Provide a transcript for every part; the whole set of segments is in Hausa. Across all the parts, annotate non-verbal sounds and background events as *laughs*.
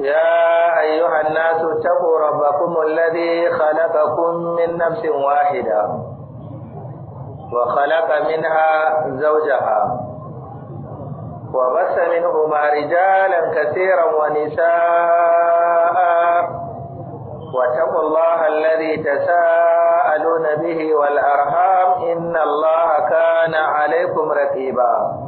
يا أيها الناس اتقوا ربكم الذي خلقكم من نفس واحدة وخلق منها زوجها وبس منهما رجالا كثيرا ونساء واتقوا الله الذي تساءلون به والأرحام إن الله كان عليكم رقيبا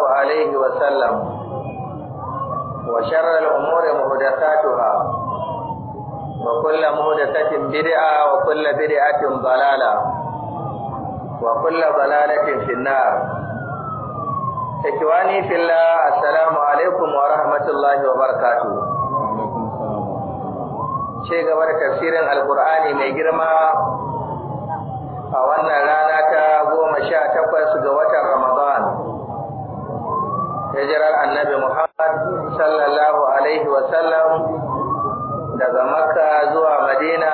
عليه وسلم وشر الأمور مهدساتها وكل مهدسة بدعة وكل بدعة ضلالة وكل ضلالة في النار إخواني في الله السلام عليكم ورحمة الله وبركاته ce gaba da tafsirin alkur'ani mai girma a wannan rana ta goma sha takwas ga watan hijirar annabi Muhammad sallallahu alaihi wasallam daga Makka zuwa Madina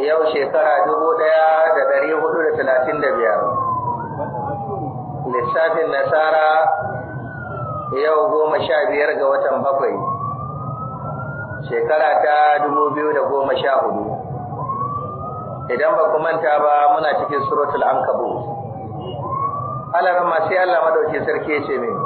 yau shekara dubu ɗaya da ɗari hudu da talatin da biyar. Lissafin Nasara yau goma sha biyar ga watan bakwai, shekara ta dubu biyu da goma sha hudu. Idan ba ku manta ba muna cikin suratul ankabu. Allah sai Allah madauki sarki ce mai.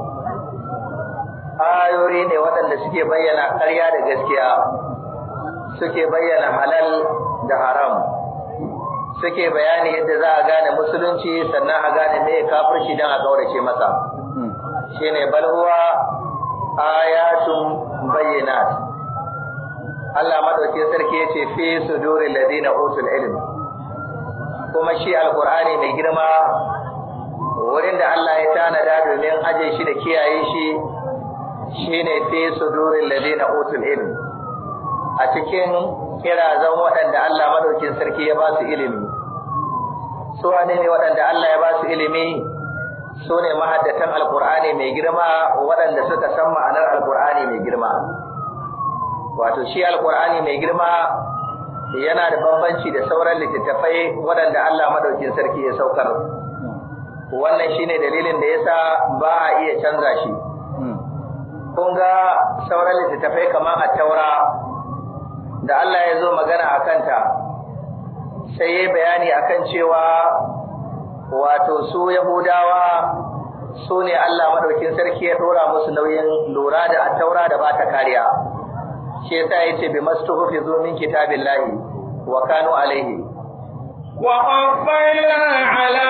ayoyi ne waɗanda suke bayyana ƙarya da gaskiya suke bayyana halal da haram suke bayani yadda za a gane musulunci sannan a gane me kafirci don a gaurace masa shine bal huwa ayatun bayyana Allah madauke sarki ya yace fi suduril ladina utul ilm kuma shi alqur'ani mai girma wurin da Allah ya tanada domin aje shi da kiyaye shi Shi ne fi sudurin ladina utul ilm a cikin kirazan waɗanda Allah madaukin sarki ya ba su ilimi su wane ne waɗanda Allah ya ba su ilimi su ne mahaddatan alkur'ani mai girma waɗanda suka san ma'anar alkur'ani mai girma wato shi alkur'ani mai girma yana da bambanci da sauran littattafai waɗanda Allah madaukin sarki ya saukar wannan shine dalilin da yasa ba a iya canza shi kun ga sauran littattafai kamar a taura da Allah ya zo magana a kanta sai ya bayani akan cewa wato su yahudawa su ne Allah maɗaukin sarki ya ɗora musu nauyin lura da a taura da ba ta kariya shi sa ya ce bi zo min kitabin wa kano alaihi wa ala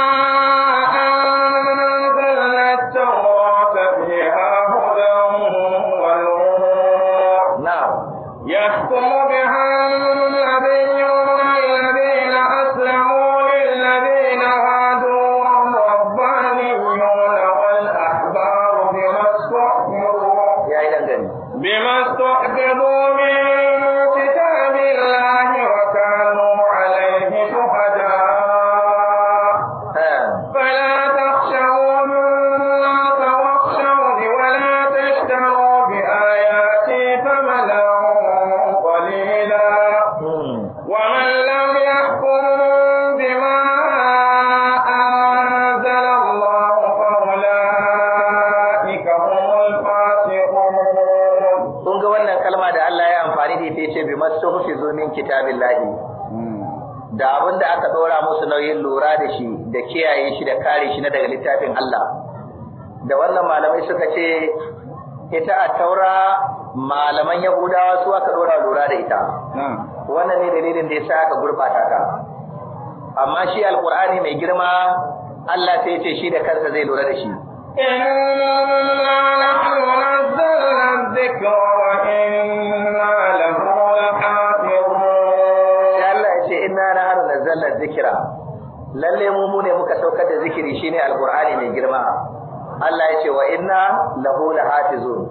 littafin Allah da wannan malamai suka ce ita a taura malaman yahudawa su aka dora lura da ita wannan ne dalilin da ya sa aka gurbata ta amma shi alqur'ani mai girma Allah sai ce shi da kansa zai lura da shi inna na nazzalna dhikra zallar inna Allah lalle mu mu ne muka saukar da zikiri shine alqur'ani mai girma Allah ya ce wa inna lahu lahafizun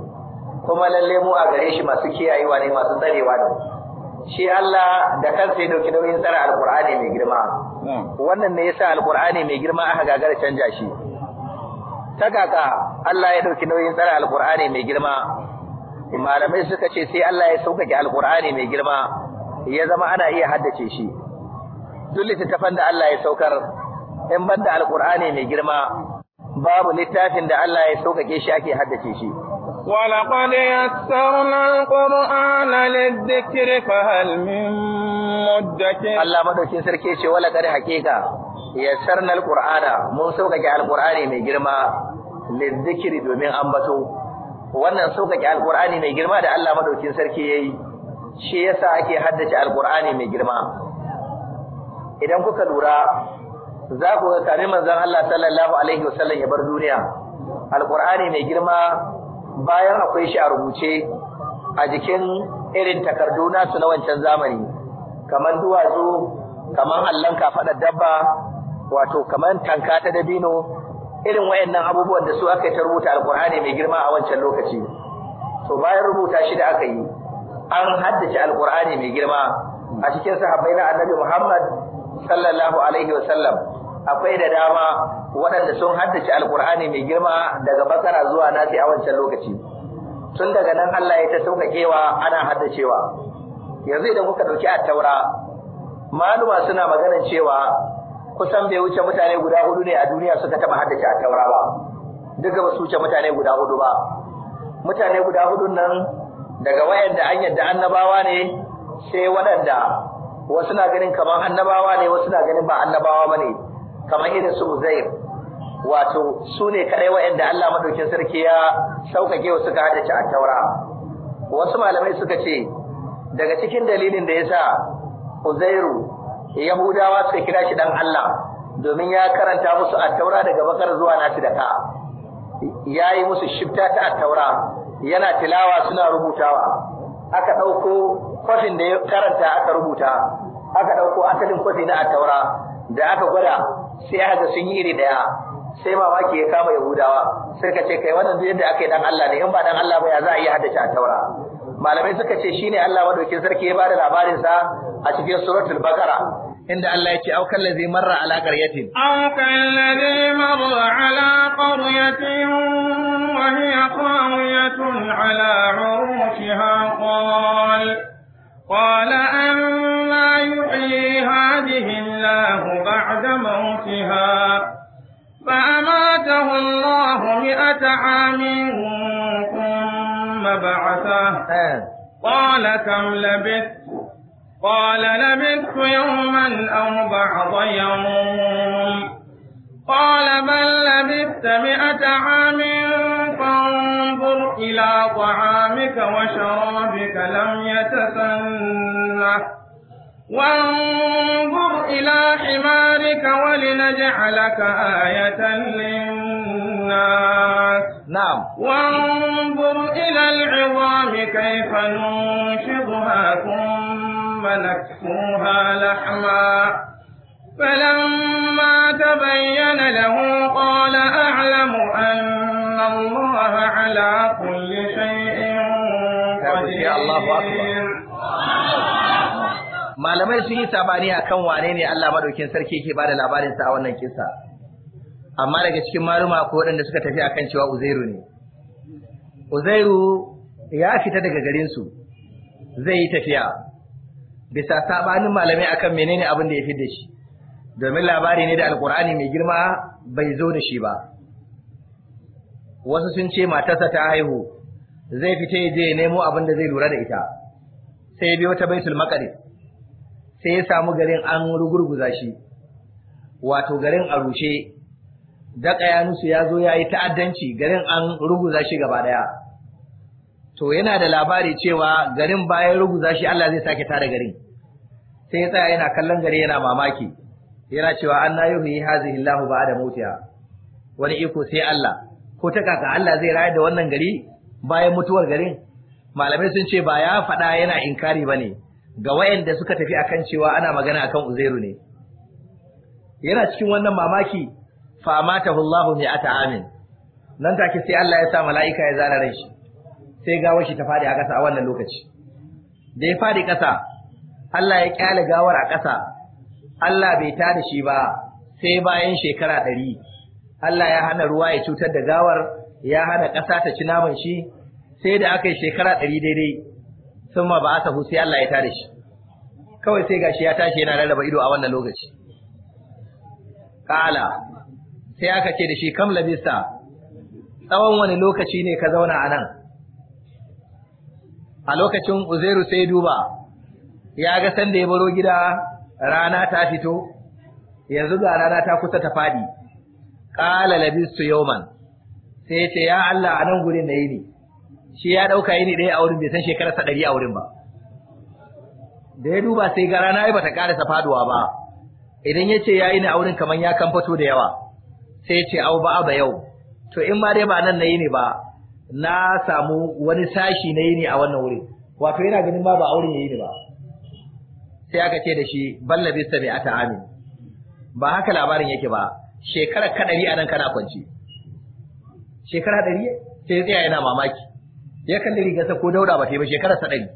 kuma lalle mu a gare shi masu kiyayewa ne masu tsarewa ne shi Allah da kansa ya dauki nauyin tsara alqur'ani mai girma hmm. wannan ne yasa alqur'ani mai girma aka gagara canja shi ta kaka Allah ya dauki nauyin tsara alqur'ani mai girma malamai suka ce sai Allah ya sauƙaƙe alqur'ani mai girma ya zama ana iya haddace shi duk littattafan da Allah ya saukar in da alqur'ani mai girma babu littafin da Allah ya saukake shi ake haddace shi ولقد يسرنا القرآن للذكر فهل من مدكر الله مدوكين سركي شي ولقد حقيقة يسرنا القرآن من سوكك القرآن mai girma للذكر domin ambato wannan saukake alƙur'ani mai girma da Allah madaukin sarki yayi shi yasa ake haddace alƙur'ani mai girma idan kuka lura za ku ga tare manzon Allah sallallahu alaihi wasallam ya bar duniya alqur'ani mai girma bayan akwai shi a rubuce a jikin irin takardu su na wancan zamani kamar duwatsu kamar allon kafaɗar dabba wato kamar tanka ta dabino irin wayannan abubuwan da su aka yi ta rubuta alkur'ani mai girma a wancan lokaci to bayan rubuta shi da aka yi an haddace alkur'ani mai girma a cikin sahabbai na annabi muhammad sallallahu alaihi wasallam akwai da dama waɗanda sun haddace alkur'ani mai girma daga bakara zuwa nasi a wancan lokaci tun daga nan Allah ya ta sauƙaƙewa ana haddacewa yanzu idan kuka ɗauki taura. maluma suna maganar cewa kusan bai wuce mutane guda hudu ne a duniya suka taɓa haddace taura ba duk ba su wuce mutane guda hudu ba mutane guda hudun nan daga da an yadda annabawa ne sai waɗanda wasu na ganin kamar annabawa ne wasu na ganin ba annabawa ba ne kamar irin su uzair wato su ne kadai waɗanda Allah madaukin sarki ya sauƙaƙe wa suka haɗa a taura wasu malamai suka ce daga cikin dalilin da ya sa uzairu yahudawa suka kira shi dan Allah domin ya karanta musu a taura daga bakar zuwa nasu da ka ya yi musu shifta ta attaura yana tilawa suna rubutawa aka ɗauko kwafin da ya karanta aka rubuta aka ɗauko asalin kwafi na attaura da aka gwada sai aka sun yi iri ɗaya sai mamaki ya kama yahudawa sai ka ce kai wannan duk yadda aka yi dan Allah ne in ba dan Allah ba ya za a iya haddace taura. malamai suka ce shine Allah madaukin sarki ya bada labarin sa a cikin suratul baqara عند الله يتي أو كالذي مر على قرية أو marra ala qaryatin wa hiya qawiyatun ala urushiha qala قال أما يحيي هذه الله بعد موتها فأماته الله مئة عام ثم بعثه آه. قال كم لبثت قال لبثت يوما أو بعض يوم قال بل لبثت مئة عام فانظر إلى طعامك وشرابك لم يتسنه وانظر إلى حمارك ولنجعلك آية للناس نعم وانظر إلى العظام كيف ننشضها ثم نكسوها لحما فلما تبين له قال أعلم أن الله على كل شيء قدير malamai sun yi sabani akan wane ne Allah madaukin sarki yake bada labarin sa a wannan kisa amma daga cikin maluma ko waɗanda suka tafi akan cewa Uzairu ne Uzairu ya fita daga garinsu zai yi tafiya bisa sabanin malamai akan menene abin da ya fi da shi domin labari ne da alkur'ani mai girma bai zo da shi ba wasu sun ce matarsa ta haihu zai fita ya je nemo abin da zai lura da ita sai biyo ta baitul maqdis sai ya samu garin an rugurguza shi wato garin a rushe ya nusu ya zo ya yi ta'addanci garin an ruguza shi gaba ɗaya to yana da labari cewa garin bayan ruguza shi Allah zai sake tare garin sai ya tsaya yana kallon gari yana mamaki yana cewa an na yuhi hazihi Allahu ba'da mutuwa. wani iko sai Allah ko ta kaka Allah zai rayar da wannan gari bayan mutuwar garin malamai sun ce ba ya faɗa yana inkari ne. ga wayanda suka tafi akan cewa ana magana akan Uzairu ne yana cikin wannan mamaki fa matahu Allahu ata amin nan take sai Allah ya sa mala'ika ya zara ran shi sai gawar shi ta fadi a ƙasa a wannan lokaci da ya fadi kasa Allah ya kyale gawar a kasa Allah bai ta da shi ba sai bayan shekara ɗari Allah ya hana ruwa ya cutar da gawar ya hana ƙasa ta ci naman shi sai da aka yi shekara ɗari daidai sun ma ba sahu sai Allah ya ta da shi kawai sai gashi ya tashi yana rarraba ido a wannan lokaci Ka'ala sai aka ce da shi kam labista tsawon wani lokaci ne ka zauna a nan a lokacin uzairu sai duba ya ga sanda ya baro gida rana ta fito yanzu ga rana ta kusa ta fadi qala labistu yawman sai ce ya Allah anan gurin da ne. shi ya dauka yini dai a wurin bai san shekarar sa 100 a wurin ba da ya duba sai ga rana ai bata karasa faduwa ba idan yace yayi ni a wurin kaman ya kan fito da yawa sai ce au ba ba yau to in ma dai ba nan na ne ba na samu wani sashi na ne a wannan wurin wato yana ganin ba, ba auren yayi ni ba sai aka ce da shi ballabi sabi a ta'ami ba haka labarin yake ba shekarar kadari a nan kana kwanci shekara ɗari sai ya tsaya yana mamaki ya kalli rigarsa ko dauda ba ta yi ba shekarar sa dari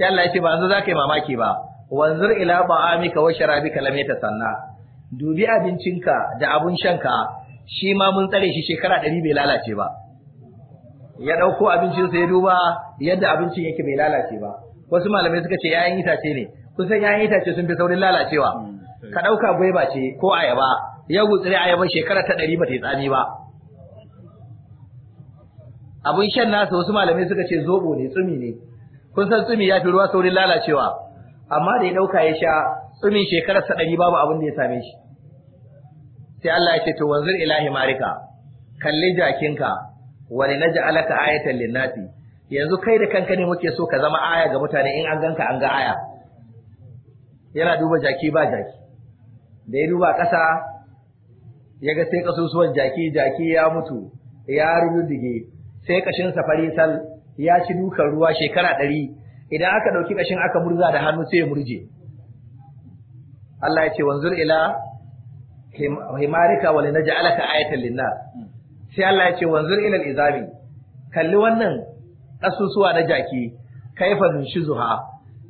sai Allah ya ce ba yanzu za ka yi mamaki ba wanzur ila ba'amika wa sharabika lam sanna. dubi abincinka da abun shanka shi ma mun tsare shi shekara ɗari bai lalace ba ya ɗauko abincinsa ya duba yadda abincin yake bai lalace ba wasu malamai suka ce ‘ya'yan itace ne kusan ‘ya'yan itace sun fi saurin lalacewa hmm, eh. ka ɗauka gwaiba ce ko ayaba yau gutsire ayaban shekara ta ɗari ba ta yi tsami ba abun shan nasa wasu malamai suka ce zobo ne tsumi ne kun san tsumi ya fi ruwa saurin lalacewa amma da ya ɗauka ya sha tsumin shekarar ta ɗari babu abin da ya same shi sai Allah ya ce to wanzur ilahi marika kalli jakinka wani wa alaka ayatan linnasi yanzu kai da kanka ne muke so ka zama aya ga mutane in an ganka an ga aya yana duba jaki ba jaki da ya duba ƙasa ya ga sai kasusuwan jaki jaki ya mutu ya rududdige sai kashin safari sal ya ci dukan ruwa shekara ɗari idan aka ɗauki kashin aka murza da hannu sai ya murje Allah ya ce wanzur ila himarika wa Alaka ayatan linnas sai Allah ya ce wanzur ila al-izami kalli wannan ƙasusuwa na jaki shi zuha,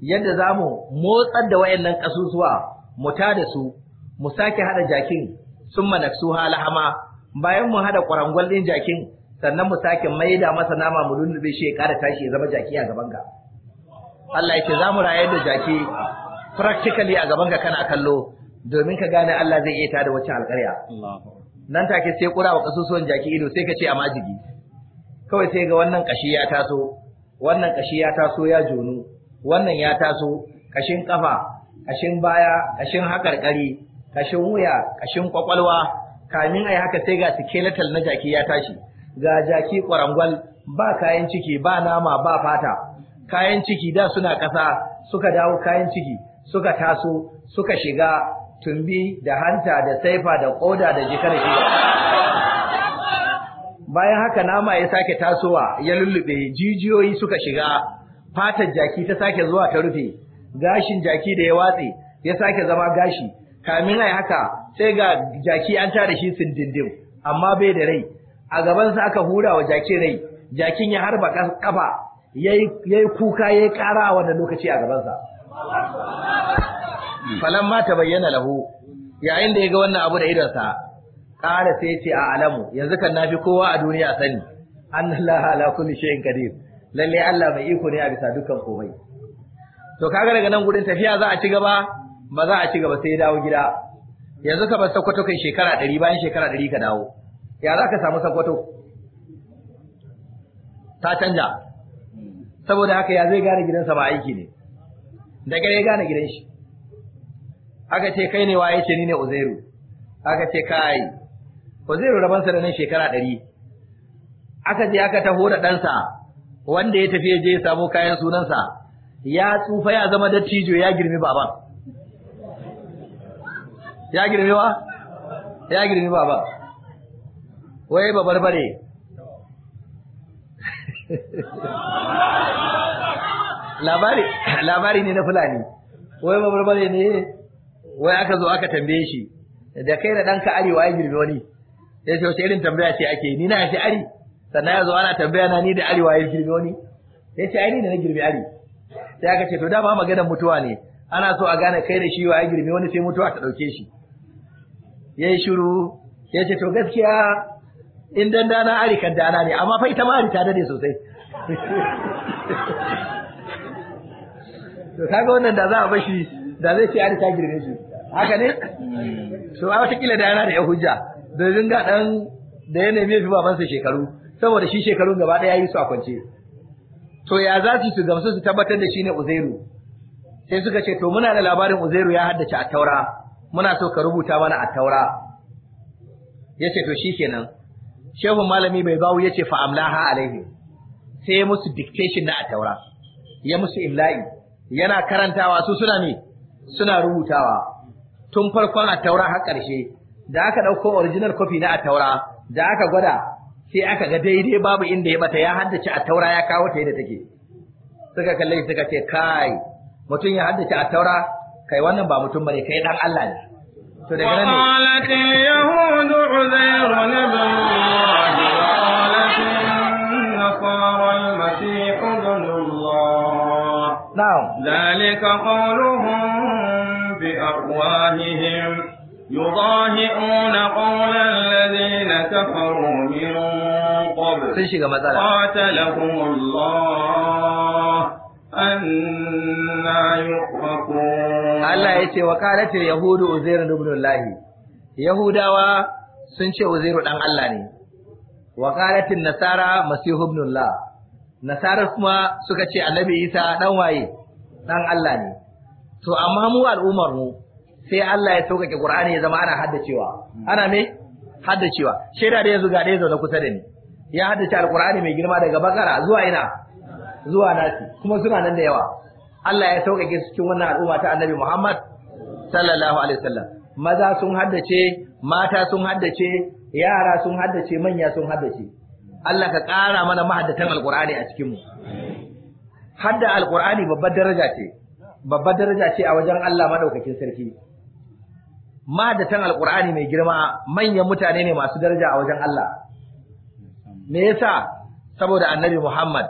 yadda zamu motsar da wayannan ƙasusuwa mu ta da su mu sake hada jakin summa naksuha halahama bayan mu hada ƙwarangwal din jakin sannan mu sake maida masa nama mu lullube shi ya ƙara tashi ya zama jaki a gaban ka Allah yake zamu rayar da jaki practically a gaban ka kana kallo domin ka gane Allah zai iya tada wacce alƙarya nan take sai kura wa ƙasusuwan jaki ido sai ka ce a majigi kawai sai ga wannan kashi ya taso wannan kashi ya taso ya jonu wannan ya taso kashin kafa kashin baya kashin hakarkari kashin wuya kashin kwakwalwa kamin ai haka sai ga skeletal na jaki ya tashi ga jaki kwarangwal ba kayan ciki ba nama ba fata kayan ciki da suna kasa suka dawo kayan ciki suka taso suka shiga tumbi da hanta da saifa da koda da jikar shiga bayan haka nama ya sake tasowa ya lullube jijiyoyi suka shiga fatar jaki ta sake zuwa ta rufe gashin jaki da ya watse ya sake zama gashi kamin ai haka sai ga jaki an tare shi dindin, amma bai da rai a gabansa aka hura wa jaki rai jakin ya harba kafa yayi kuka yayi kara a wannan lokaci a gabansa falan ma ta bayyana lahu yayin da ya ga wannan abu da idonsa Ƙara sai ce a alamu, yanzu kan nafi kowa a duniya sani, an ala kulli shayin kadir, lalle Allah mai iko ne a bisa dukkan komai. To kaga daga nan gudun tafiya za a ci gaba, ba za a ci gaba sai ya dawo gida. Yanzu ka bar sakwato kai shekara ɗari bayan shekara ɗari ka dawo. Ya za ka samu sakwato? Ta canja. Saboda haka ya zai gane gidansa ba aiki ne. Da ya gane gidan shi. Aka ce kai ne waye ce ni ne Uzairu. Aka ce kai ko zai rabansa da nan shekara ɗari aka je aka taho da ɗansa wanda ya tafi je ya samu kayan sunansa ya tsufa ya zama dattijo ya girmi baban ya girmi wa ya girmi baban wai ba barbare labari labari ne na fulani wai ba barbare ne wai aka zo aka tambaye shi da kai da ɗanka arewa ya girmi wani sai sai wace irin tambaya ce ake ni na shi ari sannan ya zo ana tambaya na ni da ari waye girbe wani? sai ce ari da na girbe ari sai aka ce to dama maganar mutuwa ne ana so a gane kai da shi waye girbe wani sai mutuwa ta dauke shi yayi shiru ya ce to gaskiya in dan dana ari kan dana ne amma fa ita ma ari ta dade sosai *laughs* to kaga wannan da za a bashi da zai ce ari ta girbe shi haka ne so hmm. a wata kila da yana da ya hujja domin ga ɗan da ya nemi fi babansa shekaru saboda shi shekarun gaba ɗaya yi su a kwance to ya za su gamsu su tabbatar da shi ne uzairu sai suka ce to muna da labarin uzairu ya haddace a taura muna so ka rubuta mana a taura ya ce to shi kenan shehun malami bai bawu ya ce fa'amlaha alaihi sai ya musu dictation na a taura ya musu imla'i yana karantawa su suna ne suna rubutawa tun farkon a taura har ƙarshe da aka ɗauko original copy na ataura da aka gwada sai aka ga daidai babu inda ya bata ya haddace ataura ya kawo ta yadda take suka kalle suka ce kai mutum ya haddace ataura kai wannan ba mutum bane kai dan Allah ne to daga nan ne yahud uzair ibn allah qalat nasara al-masih ibn allah na'am dhalika bi Yuƙa shi ƴunar ƙolin zai na Sun shiga matsala. Allah, an na ya ce, wakana fin Yahudu uzairu dan Allah Yahudawa sun ce uzairu dan Allah ne. Wakana fin nasara masu yi kuma suka ce, Allah bai yi sa Allah ne. To amma mu al'ummar mu. sai Allah ya sauƙaƙe Qur'ani ya zama ana haddacewa ana me haddacewa shaida da yanzu ga da yanzu da kusa da ni ya haddace Al-Qur'ani mai girma daga bakara zuwa ina zuwa nasi kuma suna nan da yawa Allah ya sauƙaƙe cikin wannan al'umma ta Annabi Muhammad sallallahu alaihi wasallam maza sun haddace mata sun haddace yara sun haddace manya sun haddace Allah ka ƙara mana mahaddatan Al-Qur'ani a cikin mu hadda Al-Qur'ani babbar daraja ce babbar daraja ce a wajen Allah madaukakin sarki madatan alqur'ani mai girma manyan mutane ne masu daraja a wajen Allah me yasa saboda annabi Muhammad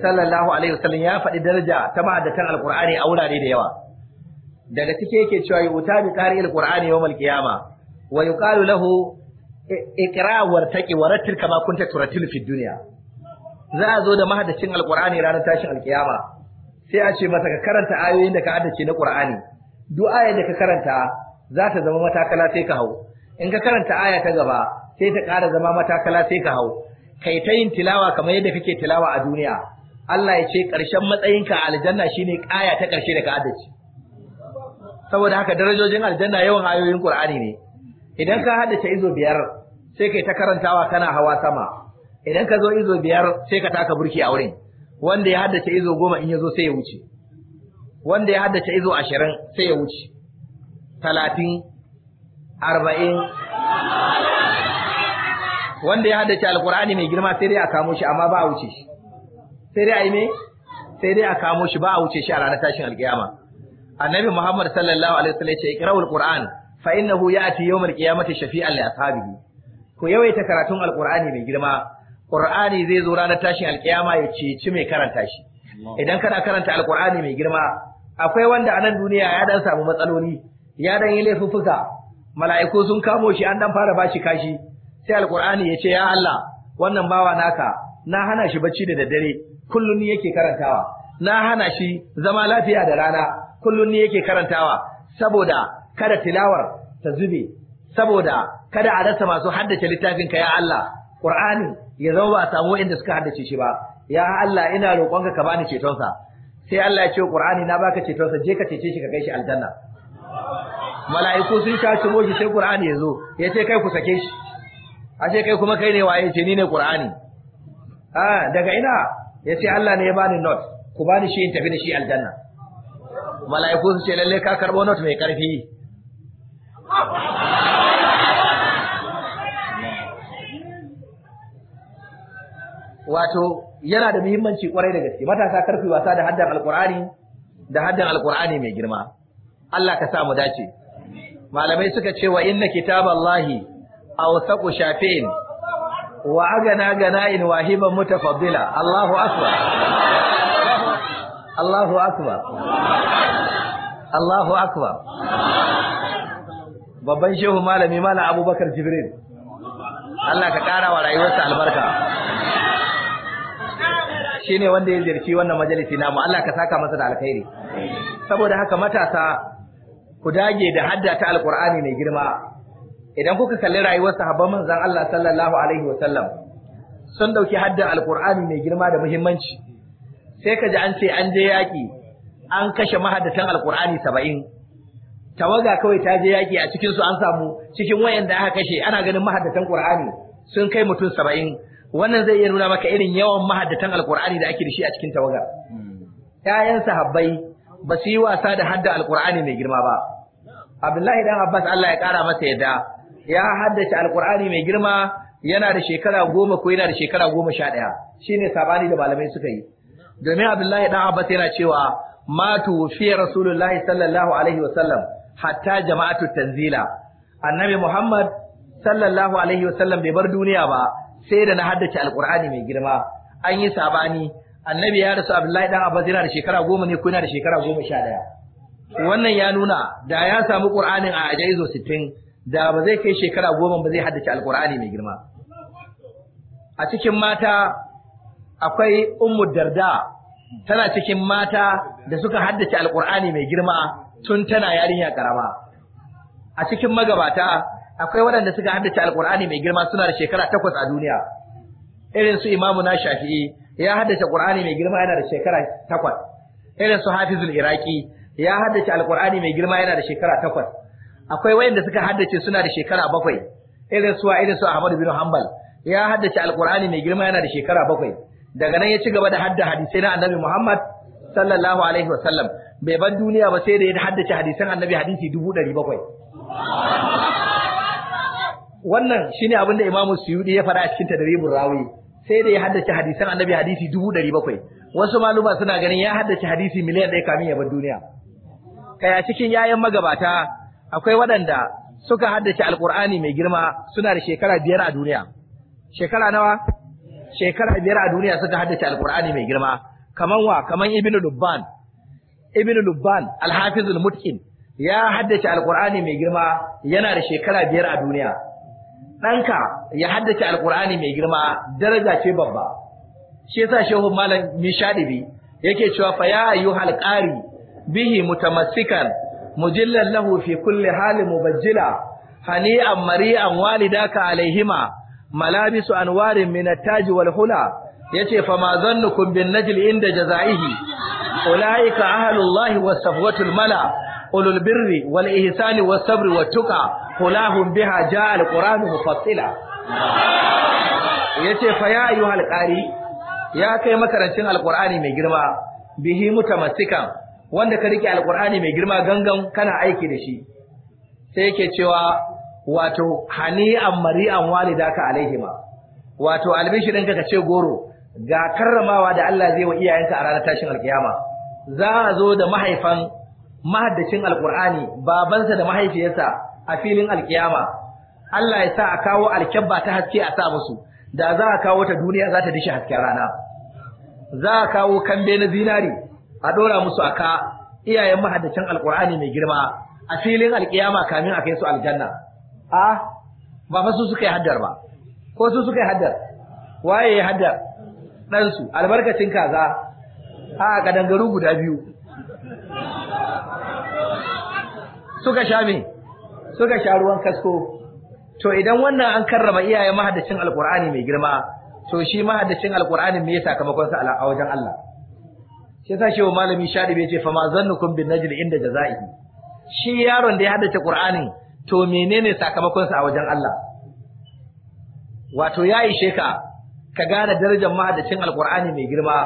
sallallahu alaihi wasallam ya faɗi daraja ta madatan alqur'ani a wurare da yawa daga cike yake cewa yuta bi qari alqur'ani yawmal qiyama wa yuqalu lahu iqra wa warattil kama kunta turatil fid dunya za a zo da mahadacin alqur'ani ranar tashin alqiyama sai a ce masa ka karanta ayoyin da ka adace na qur'ani du'a da ka karanta za ta zama matakala sai ka hau in ka karanta aya ta gaba sai ta ƙara zama matakala sai ka hau kai ta yin tilawa kamar yadda kake tilawa a duniya Allah ya ce ƙarshen matsayinka a aljanna shine aya ta ƙarshe da ka adace. saboda haka darajojin aljanna yawan ayoyin Qur'ani ne idan ka haddace izo biyar sai kai ta karantawa kana hawa sama idan ka zo izo biyar sai ka taka burki a wurin wanda ya haddace izo goma in ya zo sai ya wuce wanda ya haddace izo ashirin sai ya wuce talatin arba'in wanda ya haddace alkur'ani mai girma sai dai a kamo shi amma ba a wuce shi sai dai a yi me sai dai a kamo shi ba a wuce shi a ranar tashin alkiyama annabi muhammad sallallahu alaihi wasallam ya ce iqra'ul qur'an fa innahu ya'ti yawm alqiyamati shafi'an li ashabihi ku yawaita karatun alqur'ani mai girma qur'ani zai zo ranar tashin alkiyama ya ceci mai karanta shi idan kana karanta alqur'ani mai girma akwai wanda a nan duniya ya dan samu matsaloli Ya yi yi laifuffuka mala'iku sun kamo shi an dan fara bashi kashi sai alqur'ani ya ce ya Allah wannan bawa naka na hana shi bacci da daddare kullun ni yake karantawa na hana shi zama lafiya da rana kullun ni yake karantawa saboda kada tilawar ta zube saboda kada a rasa masu haddace littafin ka ya Allah qur'ani ya zama ba a samu inda suka haddace shi ba ya Allah ina roƙonka ka bani cetonsa sai Allah ya ce qur'ani na baka cetonsa je ka cece shi ka kai shi aljanna mala'iku sun sha cimo shi sai qur'ani ya zo ya ce kai ku sake shi a ce kai kuma kai ne waye ce ni ne qur'ani ah daga ina ya ce Allah ne ya bani not ku bani shi in tafi da shi aljanna mala'iku sun ce lalle ka karbo not mai karfi wato yana da muhimmanci kwarai da gaske matasa karfi wasa da haddan alqur'ani da haddan alqur'ani mai girma Allah ka sa mu dace malamai suka ce wa inna kitaballahi awsaqu shafi'in wa agana gana'in wahiban mutafaddila Allahu akbar Allahu akbar Allahu akbar babban shehu malami mala Abubakar Jibril Allah ka ƙara wa rayuwarsa albarka shine wanda ya zirci wannan majalisi namu Allah ka saka masa da alkhairi saboda haka matasa ku dage da hadda ta alqur'ani mai girma idan kuka kalli rayuwar sahabban manzon Allah sallallahu alaihi wa sallam sun dauki hadda alqur'ani mai girma da muhimmanci sai ka ji an ce an je yaki an kashe mahaddatan alqur'ani 70 tawaga kawai ta je yaki a cikin su an samu cikin wayanda aka kashe ana ganin mahaddatan qur'ani sun kai mutum 70 wannan zai iya nuna maka irin yawan mahaddatan alqur'ani da ake da shi a cikin tawaga hmm. ƴaƴan sahabbai ba su yi wasa da hadda alkur'ani mai girma ba abdullahi dan abbas allah ya kara masa yadda ya haddace alkur'ani mai girma yana da shekara goma ko yana da shekara goma sha ɗaya Shi ne sabani da malamai suka yi domin abdullahi dan abbas yana cewa matu fiye rasulullahi sallallahu alaihi wa sallam hatta jama'atu tanzila annabi muhammad sallallahu alaihi wa sallam bai bar duniya ba sai da na haddace alkur'ani mai girma an yi sabani annabi ya rasu abdullahi dan abbas yana da shekara goma ne ko yana da shekara goma sha ɗaya wannan ya nuna da ya samu qur'anin a ajaizo sittin da ba zai kai shekara goma ba zai haddace alqur'ani mai girma a cikin mata akwai ummu darda tana cikin mata da suka haddace alqur'ani mai girma tun tana yarinya karama a cikin magabata akwai waɗanda suka haddace alqur'ani mai girma suna da shekara takwas a duniya irin su imamu na shafi'i ya haddace Qur'ani mai girma yana da shekara takwas irin su Hafizul Iraki ya haddace Alqur'ani mai girma yana da shekara takwas akwai wayanda suka haddace suna da shekara bakwai irin su irin su Ahmadu bin Hanbal ya haddace Alqur'ani mai girma yana da shekara bakwai daga nan ya ci gaba da hadda hadisai na Annabi Muhammad sallallahu alaihi wa sallam bai ban duniya ba sai da ya haddace hadisan Annabi hadisi dubu ɗari bakwai wannan shine abin da Imam Suyudi ya faɗa a cikin Tadribul Rawi sai da ya haddace hadisan annabi hadisi dubu ɗari bakwai wasu maluma suna ganin ya haddace hadisi miliyan ɗaya kamin ya bar duniya kaya cikin yayan magabata akwai waɗanda suka haddace alƙur'ani mai girma suna da shekara biyar a duniya shekara nawa shekara biyar a duniya suka haddace alƙur'ani mai girma kaman wa kaman ibnu lubban ibnu lubban alhafizul ya haddace alƙur'ani mai girma yana da shekara biyar a duniya ɗanka ya haddace alkur'ani mai girma daraja ce babba shi yasa shehu malam mishadibi yake cewa fa ya ayyuhal qari bihi mutamassikan mujillan lahu fi kulli halin mubajjila hani'an mari'an walidaka alaihima malabisu anwarin min at wal hula yace fa ma zannukum bin najl inda jazaihi ulaika ahlullahi was safwatul mala ulul birri wal ihsani was sabri wat tuka, kulahum biha jaa al qur'an mufassila yace fa ya ayyuhal qari ya kai makarancin alqur'ani mai girma bihi mutamassikan wanda ka rike alqur'ani mai girma gangan kana aiki da shi sai yake cewa wato hani'an mari'an walidaka alaihima wato albishirinka ka ce goro ga karramawa da Allah zai wa iyayenka a ranar tashin alkiyama za a zo da mahaifan mahaddacin alqur'ani babansa da mahaifiyarsa a filin alkiyama Allah ya sa a kawo alkyabba ta haske a sa musu da za a kawo ta duniya za ta dishi hasken rana za a kawo kambe na zinari a dora musu aka iyayen mahaddacin alqur'ani mai girma a filin alkiyama kamin a kai su aljanna a ba fa su suka yi haddar ba ko su suka yi haddar waye ya haddar ɗansu albarkacin kaza a ƙadangaru guda biyu suka sha me suka sha ruwan kasko to idan wannan an karrama iyaye mahaddacin alqur'ani mai girma to shi mahaddacin alqur'ani me ya sakamakon sa a wajen Allah sai sa shehu malami shadi bai ce fa ma zannukum bin najl inda jazaihi shi yaron da ya haddace qur'ani to menene sakamakon sa a wajen Allah wato yayi sheka ka gane darajar mahaddacin alqur'ani mai girma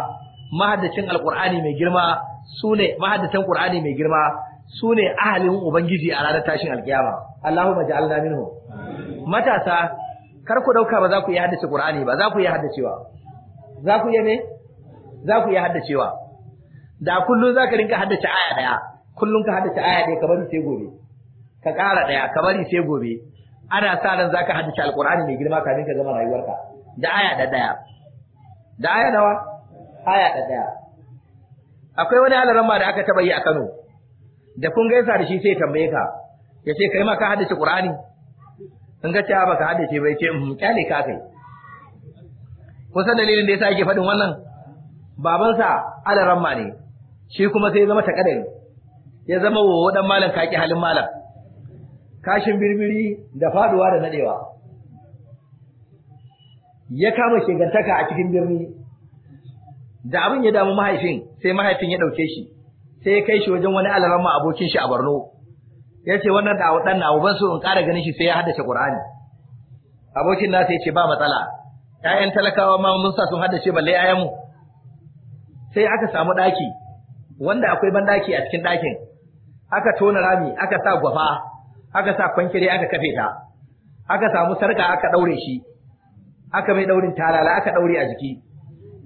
mahaddacin alqur'ani mai girma sune mahaddacin qur'ani mai girma su ne ahalin ubangiji a ranar tashin alkiyama Allahumma ja'alna minhum matasa kar ku dauka ba za ku iya haddace ƙur'ani ba za ku iya haddacewa za ku iya ne za ku iya haddacewa da kullum za ka rinka haddace aya daya kullum ka haddace aya daya ka bari sai gobe ka ƙara daya ka bari sai gobe ana sa ran za ka haddace alƙur'ani mai girma kafin ka gama rayuwarka da aya da daya da aya nawa aya da daya akwai wani alaran ma da aka taba yi a Kano da kun gaisa da shi sai tambaye ka yace kai ma ka haddace Qur'ani in ga cewa baka haddace bai ce mun mm, kyale ka kai kusa dalilin da yasa yake faɗin wannan babansa alaramma ne shi kuma sai ya zama takadari ya zama wowo dan malam kaki halin malam kashin birbiri da faduwa da nadewa ya kama shigantaka a cikin birni da abin ya damu mahaifin sai mahaifin ya dauke shi sai ya kai shi wajen wani ma abokin shi a Borno yace wannan da wadan na uban su in ƙara ganin shi sai ya haddace Qur'ani abokin nasa ya ce ba matsala ƴaƴan talakawa ma mun sa sun haddace balle ƴaƴan mu sai aka samu ɗaki wanda akwai banɗaki a cikin ɗakin aka tona rami aka sa gwafa aka sa kwankire aka kafe ta aka samu sarka aka ɗaure shi aka mai ɗaurin talala aka ɗaure a jiki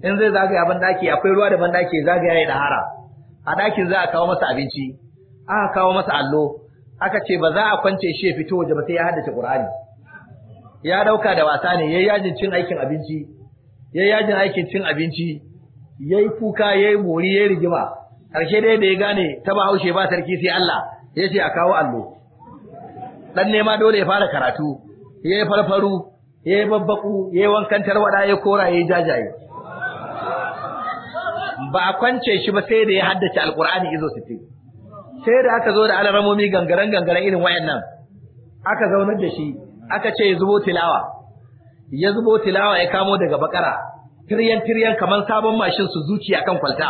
in zai zagaya ban daki akwai ruwa da banɗaki zagaya ya hara. a dakin za a kawo masa abinci aka kawo masa allo aka ce ba za a kwance shi ya fito waje ba sai ya haddace Qur'ani ya dauka da wasa ne yayi yajin cin aikin abinci yayi yajin aikin cin abinci yayi kuka yayi mori yayi rigima karshe dai da ya gane ta ba haushe ba sarki sai Allah ya ce a kawo allo dan nema dole ya fara karatu yayi farfaru yayi babbaku yayi wankan tarwada yayi kora yayi jajaye ba a kwance shi ba sai da ya haddace alqur'ani izo ce sai da aka zo da alaramomi gangaren gangaren irin wayannan aka zaunar da shi aka ce ya zubo tilawa ya zubo tilawa ya kamo daga bakara tiryan tiryan kaman sabon mashin su zuciya kan kwalta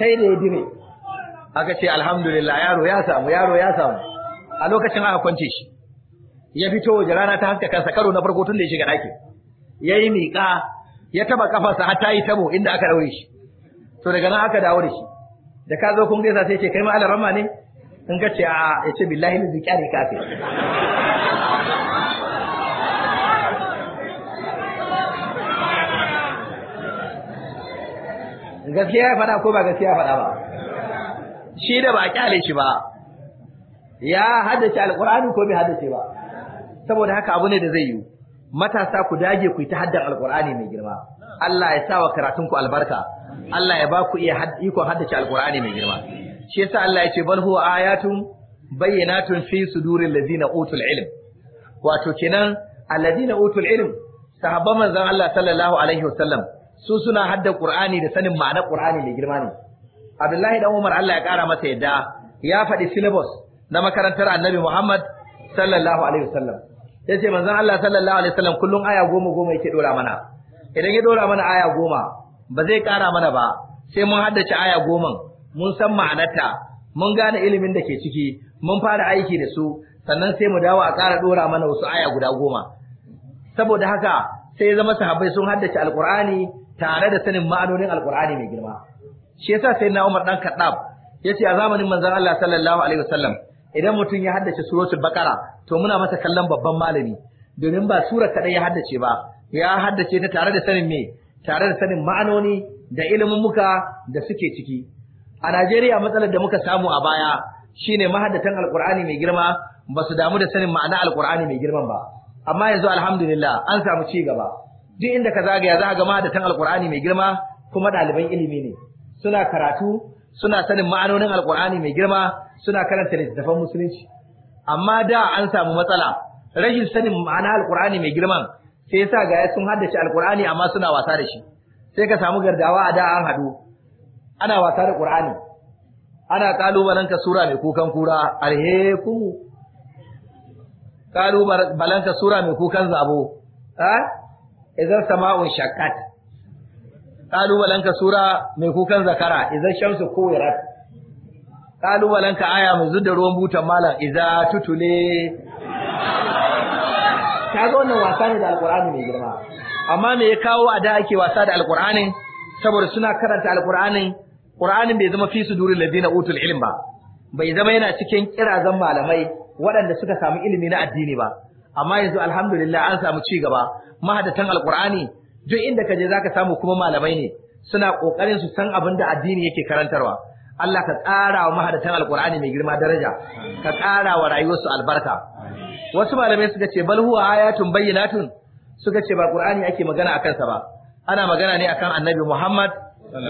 sai da ya dire aka ce alhamdulillah yaro ya samu yaro ya samu a lokacin aka kwance shi ya fito waje rana ta hanka kansa karo na farko tun da ya shiga ɗaki ya yi miƙa ya taba kafarsa har ta yi tabo inda aka daure shi to daga nan aka dawo da shi da ka zo kun gaisa sai ce kai ma rahma ne in ka ce a ya ce billahi ni zikiya ne kafe gaskiya ya faɗa ko ba gaskiya ya faɗa ba shi da ba a kyale shi ba ya haddace alƙur'ani ko bai haddace ba saboda haka abu ne da zai yi matasa ku dage ku yi ta haddar Alƙur'ani mai girma Allah ya sa wa karatun ku albarka Allah ya ba ku iya ikon haddace alqur'ani mai girma shi yasa Allah ya ce bal huwa ayatun bayyinatun fi suduril ladina utul ilm wato kenan alladina utul ilm sahabban manzon Allah sallallahu alaihi wasallam su suna hadda qur'ani da sanin ma'anar qur'ani mai girma ne Abdullahi dan Umar Allah ya kara masa yadda ya faɗi syllabus na makarantar Annabi Muhammad sallallahu alaihi wasallam yace manzon Allah sallallahu alaihi wasallam kullun aya goma goma yake dora mana idan ya dora mana aya goma ba zai kara mana ba sai mun haddace aya goman mun san ma'anarta mun gane ilimin da ke ciki mun fara aiki da su sannan sai mu dawo a kara dora mana wasu aya guda goma saboda haka sai ya zama sahabai sun haddace alqur'ani tare da sanin ma'anonin alqur'ani mai girma shi yasa sai na Umar dan Khattab yace a zamanin manzon Allah sallallahu alaihi wasallam idan mutum ya haddace suratul bakara to muna masa kallon babban malami domin ba sura kadai ya haddace ba ya haddace ta tare da sanin me tare da sanin ma'anoni da ilimin muka da suke ciki a Najeriya matsalar da muka samu a baya shine mahaddatan alqur'ani mai girma ba su damu da sanin ma'ana alqur'ani mai girman ba amma yanzu alhamdulillah an samu ci gaba duk inda ka zagaya za ga mahaddatan alqur'ani mai girma kuma ɗaliban ilimi ne suna karatu suna sanin ma'anonin alkur'ani mai girma suna karanta littattafan musulunci amma da an samu matsala rashin sanin ma'ana alkur'ani mai girman sai yasa ga ya sun haddace alkur'ani amma suna wasa da shi sai ka samu gardawa a da an hadu. ana wasa da qur'ani ana kalubalanka sura mai kukan kura alheku kalubalanka sura mai kukan zabo ha idan sama'un shakkat kalubalenka sura mai kukan zakara idan shamsu kuwirat kalubalenka aya mai zudda ruwan butan malam iza tutule ta zo wannan wasa ne da alkur'ani mai girma amma me ya kawo a da ake wasa da alkur'ani saboda suna karanta alkur'ani qur'anin bai zama fi sudurul ladina utul ilm ba bai zama yana cikin kirazan malamai waɗanda suka samu ilimi na addini ba amma yanzu alhamdulillah an samu ci gaba mahadatan alkur'ani duk inda ka je zaka samu kuma malamai ne suna kokarin su san abin da addini yake karantarwa Allah ka ƙara wa mahadatan alqur'ani mai girma daraja ka ƙara wa rayuwarsu albarka wasu malamai suka ce bal huwa ayatun bayyinatun suka ce ba qur'ani ake magana akan sa ba ana magana ne akan annabi Muhammad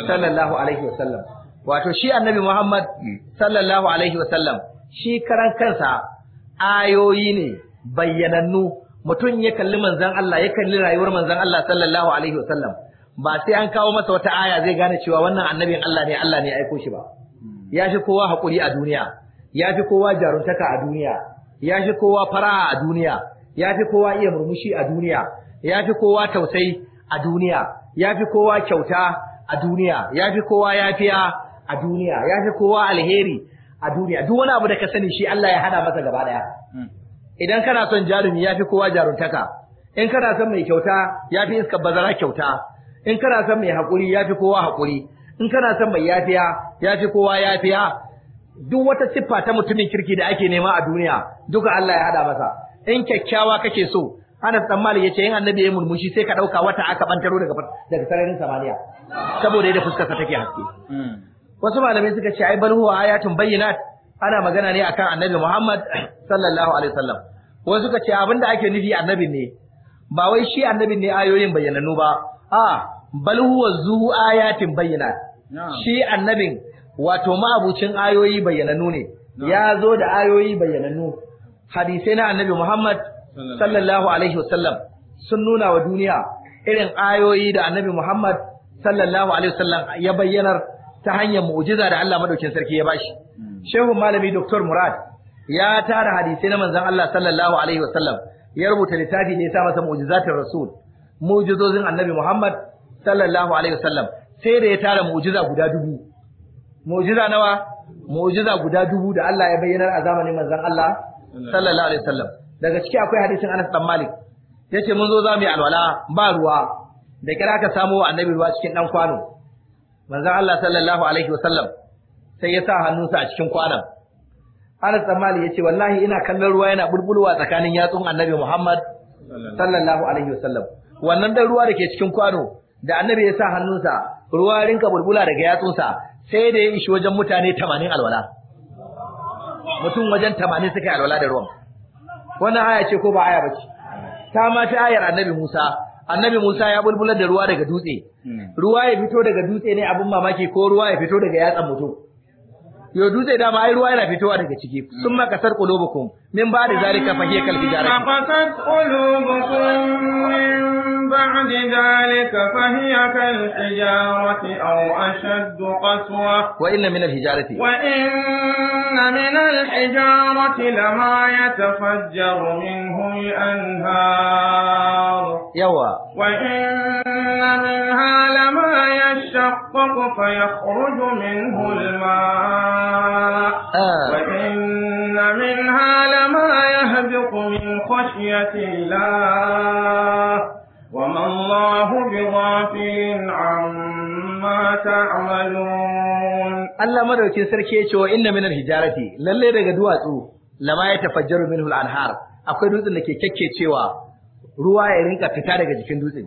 sallallahu alaihi wasallam wato shi annabi Muhammad sallallahu alaihi wasallam shi karan kansa ayoyi ne bayyanannu mutum ya kalli manzan Allah ya kalli rayuwar manzan Allah sallallahu alaihi wasallam ba sai an kawo masa wata aya zai gane cewa wannan annabin Allah ne Allah ne ya aiko shi ba ya fi kowa hakuri a duniya ya fi kowa jaruntaka a duniya ya fi kowa fara'a a duniya ya fi kowa iya murmushi a duniya ya fi kowa tausayi a duniya ya fi kowa kyauta a duniya ya fi kowa yafiya a duniya ya fi kowa alheri a duniya duk wani abu da ka sani shi Allah ya hada masa gaba daya hmm. idan kana son jarumi yafi kowa jaruntaka in kana son mai kyauta yafi iska bazara kyauta in kana son mai hakuri yafi kowa hakuri in kana son mai yafiya yafi kowa yafiya duk wata siffa ta mutumin kirki da ake nema a duniya duka Allah ya hada masa in kyakkyawa kake so Anas dan Malik yace in annabi ya murmushi sai ka dauka wata aka bantaro daga daga sararin samaniya saboda yadda fuskar ta take haske hmm. wasu malamai suka ce ai bal huwa ayatun bayyinat ana magana ne akan annabi Muhammad *clears throat* sallallahu alaihi wasallam wai suka ce abinda ake nufi annabin ne ba wai shi annabin ne ayoyin bayyananu ba a bal huwa zu ayatin bayyana shi annabin wato ma'abucin ayoyi bayyananu ne ya zo da ayoyi bayyananu hadisai na annabi Muhammad sallallahu alaihi wasallam sun nuna wa duniya irin ayoyi da annabi Muhammad sallallahu alaihi wasallam ya bayyanar ta hanyar mu'jiza da Allah madaukin sarki ya bashi hmm. shehu malami Dr. Murad ya tara hadisai na manzan Allah sallallahu alaihi wasallam ya rubuta littafi ne ya sa masa mu'jizatul rasul mu'jizozin annabi Muhammad sallallahu alaihi wasallam sai da ya tara mu'jiza guda dubu mu'jiza nawa mu'jiza guda dubu da Allah ya bayyana a zamanin manzan Allah sallallahu alaihi wasallam daga ciki akwai hadisin Anas dan Malik ce mun zo za mu yi alwala ba ruwa da kira ka samo annabi ruwa cikin ɗan kwano Manzan Allah sallallahu alaihi wasallam sai ya sa hannunsa a cikin kwanan Anas dan ya ce wallahi ina kallon ruwa yana bulbulwa tsakanin yatsun Annabi Muhammad sallallahu alaihi wasallam wannan dan ruwa da ke cikin kwano da Annabi ya sa hannunsa ruwa rinka bulbula daga yatsunsa sai da ya ishi wajen mutane tamanin alwala mutum wajen tamanin suka yi alwala da ruwan wannan aya ce ko ba aya ba ce? ta ma ta ayar Annabi Musa Annabi Musa ya bulbular da ruwa daga dutse hmm. ruwa ya fito daga dutse ne abin mamaki ko ruwa ya fito daga yatsan mutum Yau dutse dama ai ruwa yana fitowa daga ciki sun makasar qulubukum min ba ba'di zalika fa hiya kal hijarati makasat qulubukum min ba'di zalika fa hiya kal hijarati aw ashadd qaswa wa inna min al hijarati wa inna min al hijarati lama yatafajjaru minhu al anhar yawa wa inna منها لما يشقق فيخرج منه الماء وإن منها لما يهبط من خشية الله وما الله بغافل عما تعملون الله مدركين سركي إن من الهجارة للي رجدوا لما يتفجر منه الأنهار akwai dutsen da ke kyakkecewa ruwa ya rinka fita daga jikin dutsen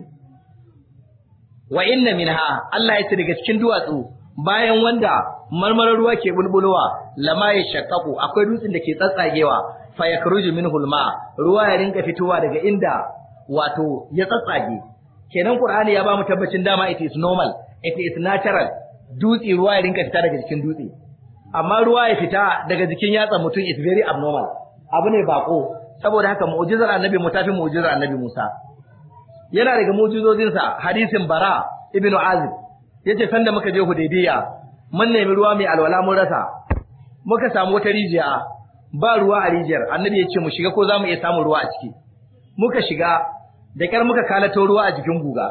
wa inna minha Allah ya ce daga cikin duwatsu bayan wanda marmarar ruwa ke bulbulowa lama ya shakaku akwai dutsen da ke tsatsagewa fa yakhruju minhu alma ruwa ya rinka fitowa daga inda wato ya tsatsage kenan qur'ani ya ba mu tabbacin dama it is normal it is natural dutse ruwa ya rinka fita daga cikin dutse amma ruwa ya fita daga jikin yatsa mutum is very abnormal abu ne bako saboda haka mu'jizar annabi mu tafi mu'jizar annabi Musa yana daga mu'jizojinsa hadisin bara ibn azib yace sanda muka je hudaybiya mun nemi ruwa mai alwala mun rasa muka samu wata rijiya ba ruwa a rijiyar annabi ya ce mu shiga ko zamu iya samun ruwa a ciki muka shiga da kar muka kalato ruwa a jikin guga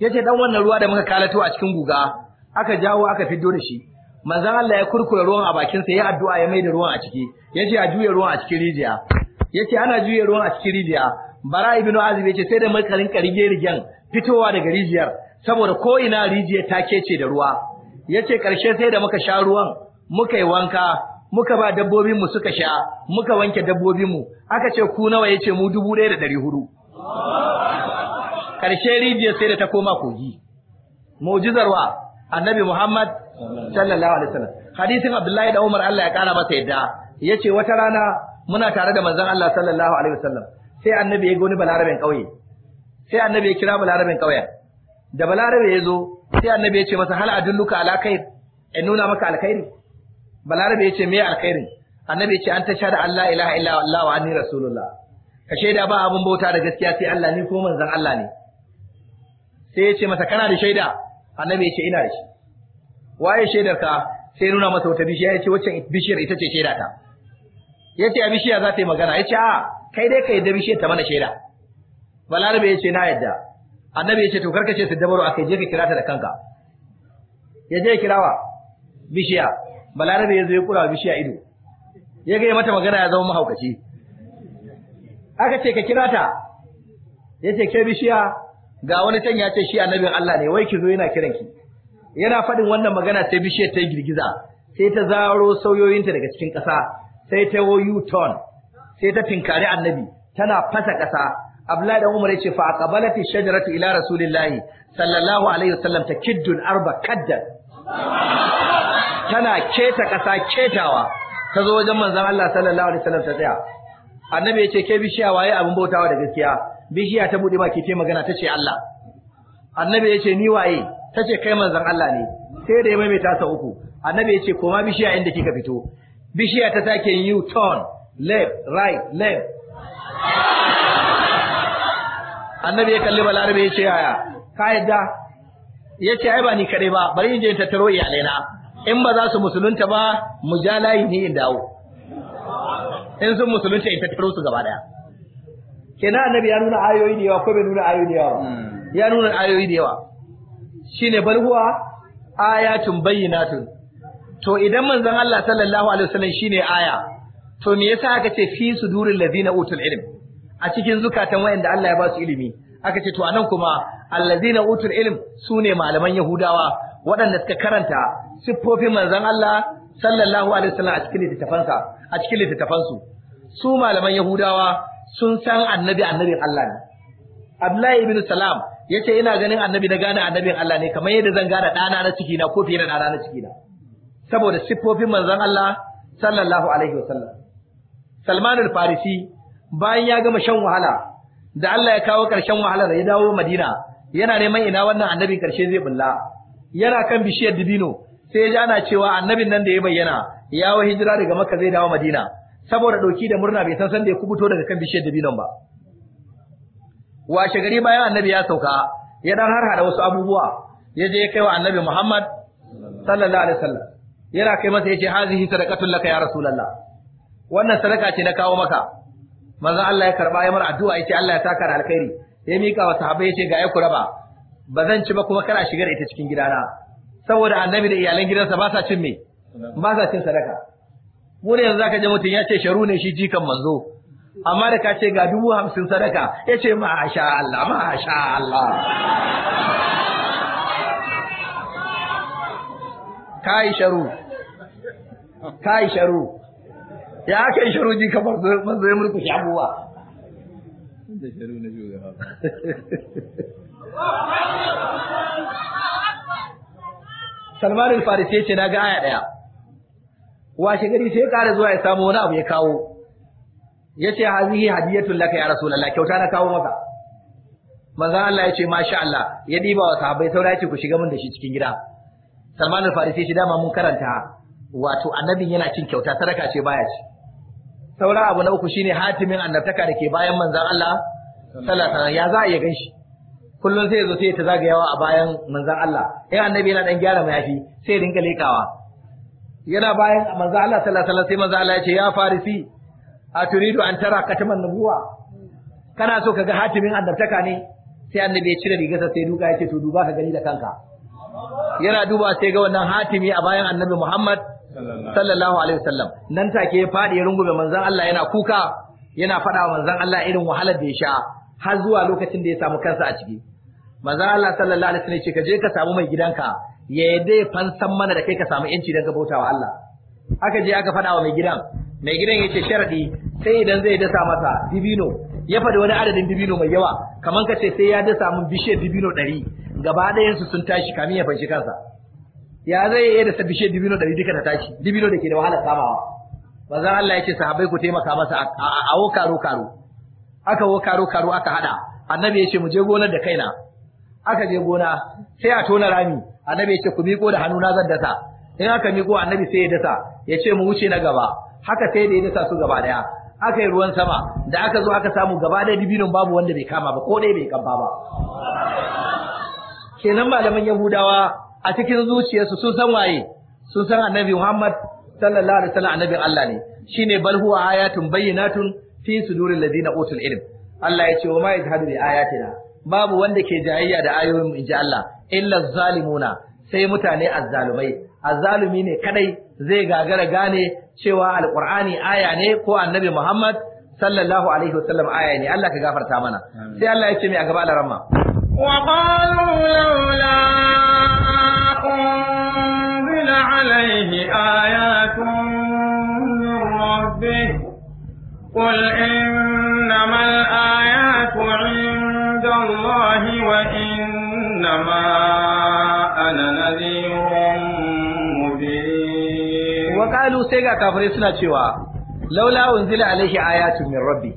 yace dan wannan ruwa da muka kalato a cikin guga aka jawo aka fiddo da shi manzon Allah ya kurkure ruwan a bakin sa ya addu'a ya mai da ruwan a ciki yace a juye ruwan a cikin rijiya yace ana juya ruwan a cikin rijiya bara ibnu azib yace sai da muka rinka rige rigen fitowa daga rijiyar saboda ko ina rijiyar ta kece da ruwa yace karshe sai da muka sha ruwan muka yi wanka muka ba dabbobin mu suka sha muka wanke dabbobin mu aka ce ku nawa yace mu 1400 karshe rijiyar sai da ta koma kogi mu'jizarwa annabi muhammad sallallahu alaihi wasallam hadisin abdullahi da umar Allah ya kara masa yadda yace wata rana muna tare da manzon Allah sallallahu alaihi wasallam sai annabi ya ga wani balarabin ƙauye sai annabi ya kira balarabin ƙauyen da balarabe ya zo sai annabi ya ce masa hal adulluka ala khair in nuna maka alkhairi balarabe ya ce me alkhairi annabi ya ce an tasha da Allah ilaha illa Allah wa anni rasulullah ka shaida ba abun bauta da gaskiya sai Allah ni ko manzon Allah ne sai ya ce masa kana da shaida annabi ya ce ina da shi waye shaidar ka sai nuna masa wata bishiya ya ce wacce bishiyar ita ce shaidata? ta ya ce a bishiya za ta yi magana ya ce a kai dai ka yadda bishiyar ta mana shaida balarabe ya ce na yadda annabi ya ce to karka ce su dabaro a kai je ka kira ta da kanka ya je kirawa bishiya balarabe ya zo ya kura bishiya ido ya ga mata magana ya zama mahaukaci aka ce ka kira ta ya ce ke bishiya ga wani can ya ce shi annabin Allah ne wai ki zo yana kiranki yana faɗin wannan magana sai bishiyar ta girgiza sai ta zaro sauyoyinta daga cikin ƙasa sai ta wo u-turn sai ta tinkari annabi tana fasa ƙasa Abdullahi da Umar yace fa aqbalati shajaratu ila rasulillahi sallallahu alaihi wasallam kiddun arba kaddan tana keta ƙasa ketawa ta zo wajen manzon Allah sallallahu alaihi wasallam ta tsaya annabi yace ke bishiya waye abin bautawa da gaskiya bishiya ta bude baki ta magana tace Allah annabi yace ni waye tace kai manzon Allah ne sai da ya maimaita sa uku annabi yace koma bishiya inda kika fito bishiya ta sake yin u-turn left right left annabi ya kalli balarabe ya ce yaya ka yadda ya ce ai ba ni kare ba bari in je tattaro iyalaina in ba za su musulunta ba mu ja layi ne in dawo in sun musulunta in tattaro su gaba daya kenan annabi ya nuna ayoyi da yawa ko bai nuna ayoyi da yawa hmm. ya nuna ayoyi da yawa shine balhuwa ayatun bayyinatun to idan manzon Allah sallallahu alaihi wasallam shine aya to me yasa aka ce fi suduril ladina utul ilm a cikin zukatan wayanda Allah ya ba su ilimi aka ce to anan kuma allazina utul ilm sune malaman yahudawa waɗanda suka karanta siffofin manzon Allah sallallahu alaihi wasallam a cikin sa a cikin littafansu su malaman yahudawa sun san annabi annabin Allah ne Abdullahi ibn Salam yace ina ganin annabi da gane annabin Allah ne kamar yadda zan gane ɗana na ciki na ko fiye da ɗana na ciki na saboda siffofin manzon Allah sallallahu alaihi wasallam Salman al-Farisi bayan ya gama shan wahala da Allah ya kawo ƙarshen wahalar ya dawo Madina yana neman ina wannan annabi ƙarshe zai bulla yana kan bishiyar dibino sai ya ji ana cewa annabin nan da ya bayyana ya wa hijira daga Makka zai dawo Madina saboda ɗauki da murna bai san san da ya kubuto daga kan bishiyar dibinon ba washe gari bayan annabi ya sauka ya dan harhaɗa wasu abubuwa ya je ya kai wa annabi Muhammad sallallahu alaihi wasallam yana kai masa yace hazihi sadaqatul laka ya rasulullah wannan sadaka ce na kawo maka manzo Allah ya karba ya mar addu'a yace Allah ya saka da alkhairi ya mika wa sahabbai yace ga ya raba ba zan ci ba kuma kana shigar ita cikin gidana saboda annabi da iyalan gidansa ba sa cin me ba sa cin sadaka mu ne yanzu zaka je mutum ya ce sharu ne shi jikan manzo amma da ka ce ga dubu hamsin sadaka yace ma sha Allah sha Allah kai sharu kai sharu ya aka yi sharuji kamar zai mulku shi abuwa. da sharu na shugaba Salman al-Farisi ce na ga aya daya washe gari sai ya ƙara zuwa ya samu wani abu ya kawo yace hazihi hadiyatun laka ya rasulullah kyauta na kawo maka manzo Allah yace masha Allah ya diba wa sahabbai saura yace ku shiga mun da shi cikin gida Salman al-Farisi shi dama mun karanta wato annabin yana cin kyauta sadaka ce baya ci saura abu na uku shine hatimin annabtaka da ke bayan manzon Allah sallallahu ya za a iya ganshi kullum sai ya zo sai ta zagayawa a bayan manzon Allah in annabi yana dan gyara mayafi sai ya rinka lekawa yana bayan manzon Allah sallallahu alaihi sai manzon Allah ya ce ya farisi a turidu an tara kataman nubuwa kana so kaga hatimin annabtaka ne sai annabi ya cire rigarsa sai duka ya ce to duba ka gani da kanka yana duba sai ga wannan hatimi a bayan annabi Muhammad sallallahu alaihi wasallam nan take ya fadi ya rungume manzon Allah yana kuka yana fada wa manzon Allah irin wahalar da ya sha har zuwa lokacin da ya samu kansa a ciki manzon Allah sallallahu alaihi wasallam ya ce ka je ka samu mai gidanka ya yadda ya fansan mana da kai ka samu yanci daga bautawa Allah aka je aka fada wa mai gidan mai gidan ya ce sharadi sai idan zai dasa masa dibino ya faɗi wani adadin dibino mai yawa kamar ka ce sai ya dasa mun bishiyar dibino ɗari gaba ɗayansu sun tashi kamin ya fanshi kansa ya zai iya da sabishe dibino dari duka da tashi dibino da ke da wahala samawa bazan Allah ya ce sahabbai ku taimaka masa a wo karo karo aka wo karo karo aka hada annabi yace mu je gonar da kaina aka je gona sai a tona rami annabi ya ku miko da hannu na zan dasa in aka miko annabi sai ya dasa ya ce mu wuce na gaba haka sai da ya dasa su gaba daya aka yi ruwan sama da aka zo aka samu gaba daya dibino babu wanda bai kama ba ko dai bai kaba ba kenan malaman yahudawa a cikin zuciyarsu sun san waye sun san annabi Muhammad sallallahu alaihi wasallam annabin Allah ne shine bal huwa ayatun bayyinatun fi suduril ladina utul ilm Allah ya ce wa ma yajhadu bi ayatina babu wanda ke jayayya da ayoyin inji Allah illa zalimuna sai mutane azzalumai azzalumi ne kadai zai gagara gane cewa alqur'ani aya ne ko annabi Muhammad sallallahu alaihi wasallam aya ne Allah ka gafarta mana sai Allah ya ce mai a gaba da وقالوا لولا أنزل عليه آيات من ربه قل إنما الآيات عند الله وإنما أنا نذير مبين وقالوا سيغا كافرين شوى لولا أنزل عليه آيات من ربي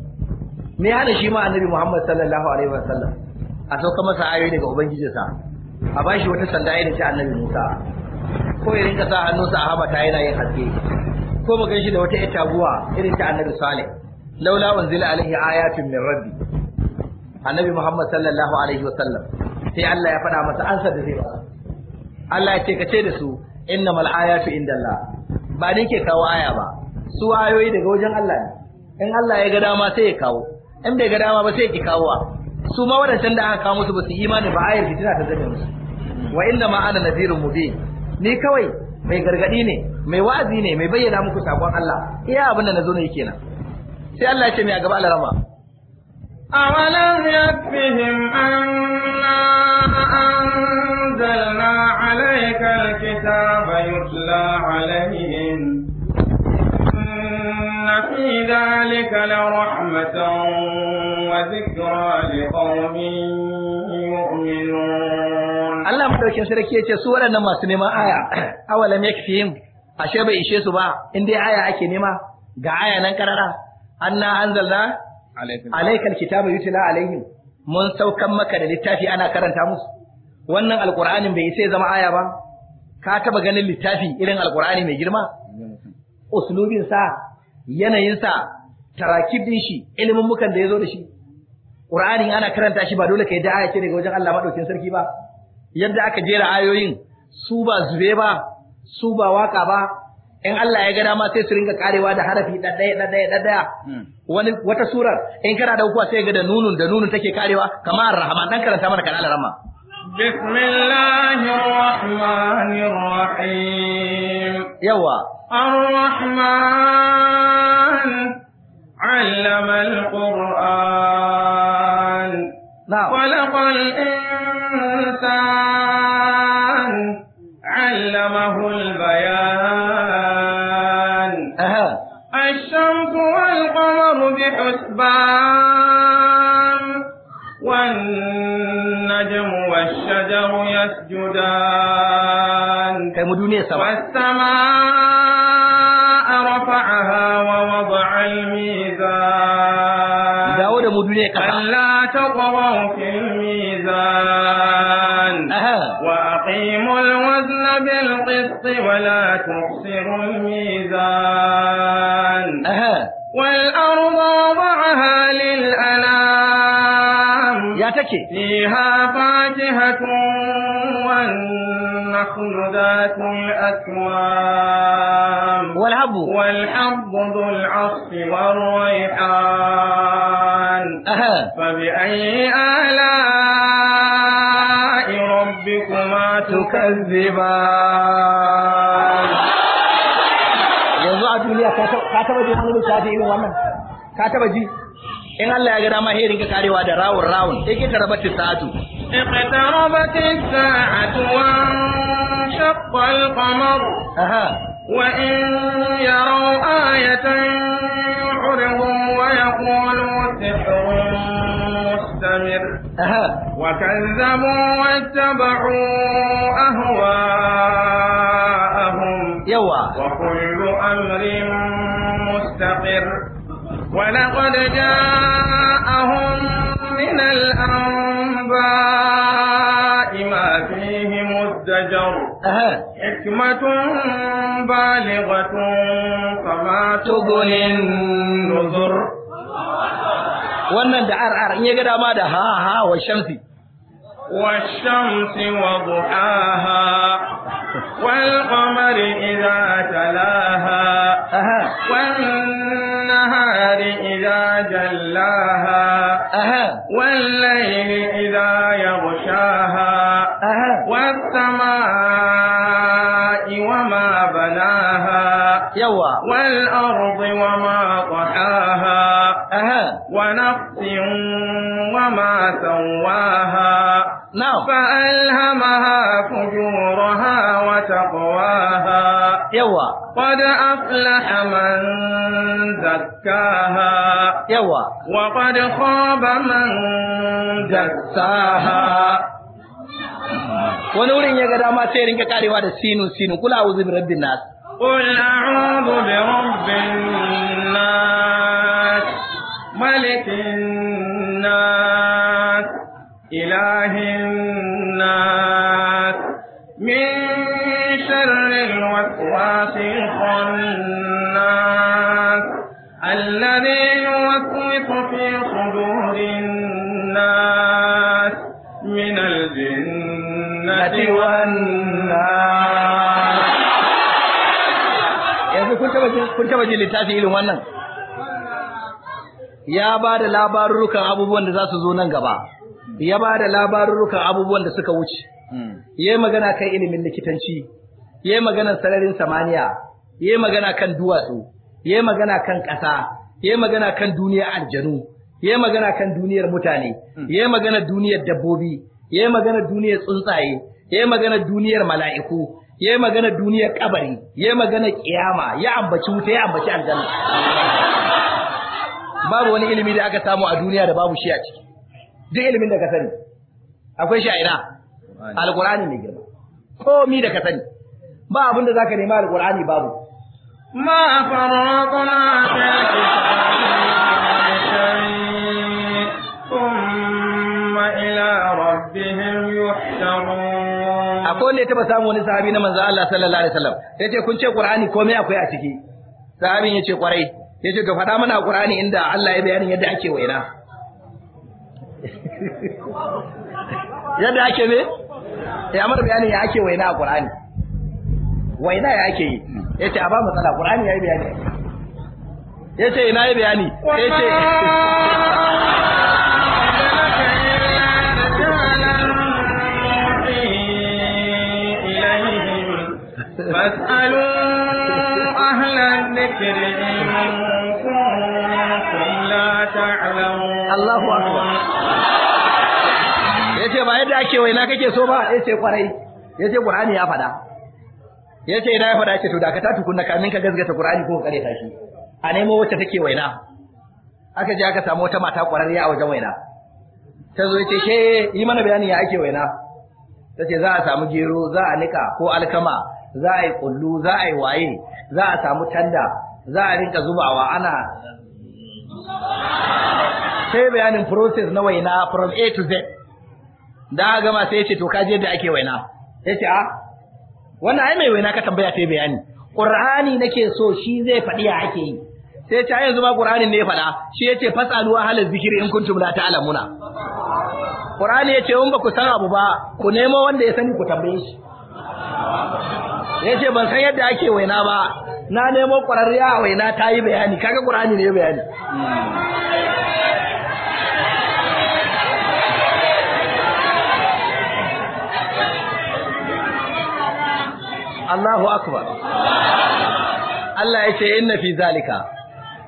me hana shi ma annabi Muhammad sallallahu alaihi wasallam a sauka masa ayoyi daga ubangijinsa a bashi wata sanda irin ta annabi Musa ko ya rinka sa hannunsa a haba ta yana yin haske ko mu gan shi da wata ita irin ta annabi Salih laula unzila alaihi ayatun min rabbi annabi Muhammad sallallahu alaihi wa sallam sai Allah ya faɗa masa ansa da zai ba Allah ya ce ka ce da su innamal ayatu indallah ba ni ke kawo aya ba su ayoyi daga wajen Allah ne in Allah ya ga dama sai ya kawo in bai ga dama ba sai ya ki kawo su ma wadancan da aka kawo musu ba su imani ba ayar fitina ta zame musu wa inna ma ana nadhirun mubin ni kawai mai gargadi ne mai wa'azi ne mai bayyana muku sakon Allah iya abin da nazo ne kenan sai Allah ya ce mai a gaba Allah rama awalan yakfihim anna anzalna alayka alkitaba yutla alayhim في ذلك لرحمة وذكرى لقوم يؤمنون الله مدوكين سركي yace su waɗannan masu neman aya *clears throat* awalam yakfihim ashe bai ishe su ba in dai aya ake nema ga aya nan karara anna anzalna alaikal kitaba yutla alaihim mun saukan maka da littafi ana karanta musu wannan alqur'anin bai sai zama aya ba ka taba ganin littafi irin alqur'ani mai girma uslubin sa yanayinsa tarakib din shi ilimin mukan da ya zo da shi ƙurani ana karanta shi ba dole ka yi aya ce daga wajen Allah madaukin sarki ba yadda aka jera ayoyin su ba zube ba su ba waka ba in Allah ya ga dama sai su ringa karewa da harafi da daya da daya wani wata surar in kana daukuwa sai ga da nunun da nunun take karewa kamar rahama, dan karanta mana kan Allah rahman bismillahir rahmanir rahim yawa الرحمن علم القرآن نعم خلق الإنسان علمه البيان الشمس والقمر بحسبان والنجم والشجر يسجدان والسماء ووضعها ووضع الميزان داود مدنيك ألا تطغوا في الميزان وأقيموا الوزن بالقسط ولا تخسروا الميزان والأرض وضعها للأنام يا تكي فيها فاكهة والنخل ذات الأكوان والحب ذو العصف والريحان فبأي آلاء ربكما تكذبان yanzu a duniya ka taba ji wani lissafi irin wannan ka taba ji in Allah ya ga dama herin ka karewa da rawun rawun sai ki tarabata sa'atu iqtarabat as-sa'atu wa shaqqa qamar aha وإن يروا آية يعرضوا ويقولوا سحر مستمر وكذبوا واتبعوا أهواءهم يوا وكل أمر مستقر ولقد جاءهم من الأنباء الزجر حكمة بالغة فما تغني النذر wannan da ar ar in ya ga dama da ha ha wa shamsi wa shamsi wa duhaha wal qamari idza talaha wan nahari idza jallaha wal layli idza yaghsha السماء وما بناها يوا والأرض وما طحاها أها ونفس وما سواها نعم فألهمها فجورها وتقواها يوا قد أفلح من زكاها يوا وقد خاب من دساها wani wurin ya ga dama sai rinka karewa da sinun sinun kula a'udhu bi rabbin nas qul a'udhu bi rabbin nas malikin nas ilahin nas min sharri alwaswasil khannas alladhi yuwaswisu fi sudurin nas min al yanzu kun taba jin littafi irin wannan ya ba da labarurukan abubuwan da za su zo nan gaba ya ba da labarurukan abubuwan da suka wuce hmm. ya magana kan ilimin likitanci ya magana sararin samaniya ya magana kan duwatsu ya magana kan ƙasa ya magana kan duniyar aljanu ya magana kan duniyar mutane hmm. ya magana duniyar dabbobi ya magana duniyar tsuntsaye yayi magana duniyar mala'iku yayi magana duniyar kabari yayi magana kiyama ya ambaci wuta ya ambaci aljanna babu wani ilimi da aka samu a duniya da babu shi a ciki duk ilimin da ka sani akwai shi a ina alqur'ani mai girma komi da ka sani ba abin da zaka nema alqur'ani babu ma ta wanda ya taba samu wani sahabi na manzo Allah sallallahu alaihi wasallam yace kun ce Qur'ani komai akwai a ciki sahabin yace kwarai yace ka faɗa mana Qur'ani inda Allah ya bayani yadda ake waina *laughs* yadda ake me ya amar bayani ya ake waina a Qur'ani waina ya ake yi yace a ba mu tsala Qur'ani yayi bayani yace ina yi bayani yace *laughs* فاسألوا أهل الذكر إن كنتم لا تعلمون الله أكبر yace ba yadda ake waina kake so ba Ya yace kwarai ce ƙur'ani ya faɗa. Ya ce idan ya fada ce to da ka ta tukunna kamin ka gazgata ƙur'ani ko kare ta shi a nemo wacce take waina aka je aka samu wata mata ƙwararriya a wajen waina ta zo ce ke yi mana bayani ya ake waina ta ce za a samu gero za a niƙa ko alkama za a yi kullu za a yi waye za a samu tanda za a rinka zubawa ana sai bayanin process na waina from A to Z da aka gama sai yace ce to kaje da ake waina ya ce a wannan ai mai waina ka tambaya ta bayani qur'ani nake so shi zai faɗi ya ake yi sai ta yanzu ba qur'ani ne ya faɗa shi yace, Fasalu, wa halal zikiri in kuntum la ta'lamuna qur'ani ya ce in ba ku san abu ba ku nemo wanda ya sani ku tambaye shi ya ce ban san yadda ake waina ba na nemo ƙwararriya a waina ta yi bayani kaga ƙur'ani ne bayani Allahu akbar Allah ya ce inna fi zalika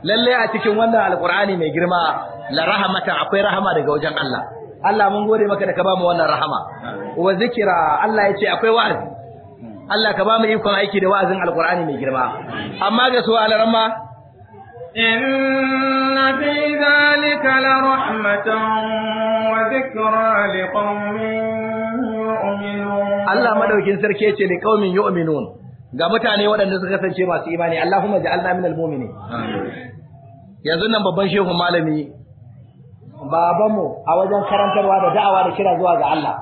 lalle a cikin wannan Alƙur'ani mai girma la rahamatan akwai rahama daga wajen Allah Allah mun gode maka da ka bamu wannan rahama wa zikira Allah ya ce akwai wa'azi Allah ka ba mu ikon aiki da wa'azin alkur'ani mai girma amma ga su alaran ma inna fi zalika la rahmatan wa dhikra liqaumin yu'minun Allah madaukin sarki yace li qaumin yu'minun ga mutane waɗanda suka kasance masu imani Allahumma ja'alna minal mu'minin yanzu nan babban shehu malami babanmu a wajen karantarwa da da'awa da kira zuwa ga Allah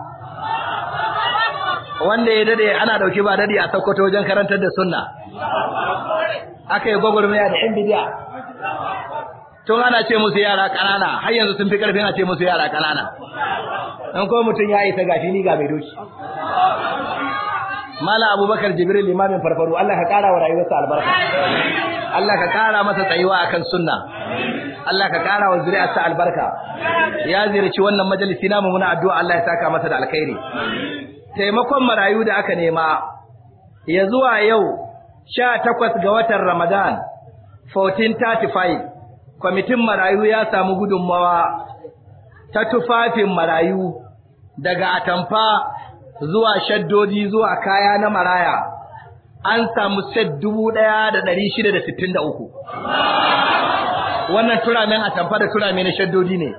wanda ya dade ana dauki ba dade a Sokoto wajen karantar da sunna aka yi gwagwarmaya da yan bidiya tun ana ce musu yara kanana har yanzu sun fi karfin a ce musu yara kanana dan ko mutum ya isa gashi ni ga mai doki Mala Abubakar Jibril limamin farfaru Allah ka kara wa rayuwarsa albarka Allah ka kara masa tsayuwa akan sunna Allah ka kara wa sa albarka ya ziyarci wannan majalisi namu muna addu'a Allah ya saka masa da alkhairi taimakon marayu da aka nema ya zuwa yau sha takwas ga watan Ramadan 1435 kwamitin marayu ya samu gudunmawa ta tufafin marayu daga atamfa zuwa shaddodi zuwa kaya na maraya an samu set dubu ɗaya da ɗari shida da sittin da uku wannan turamen atamfa da turame na shaddodi ne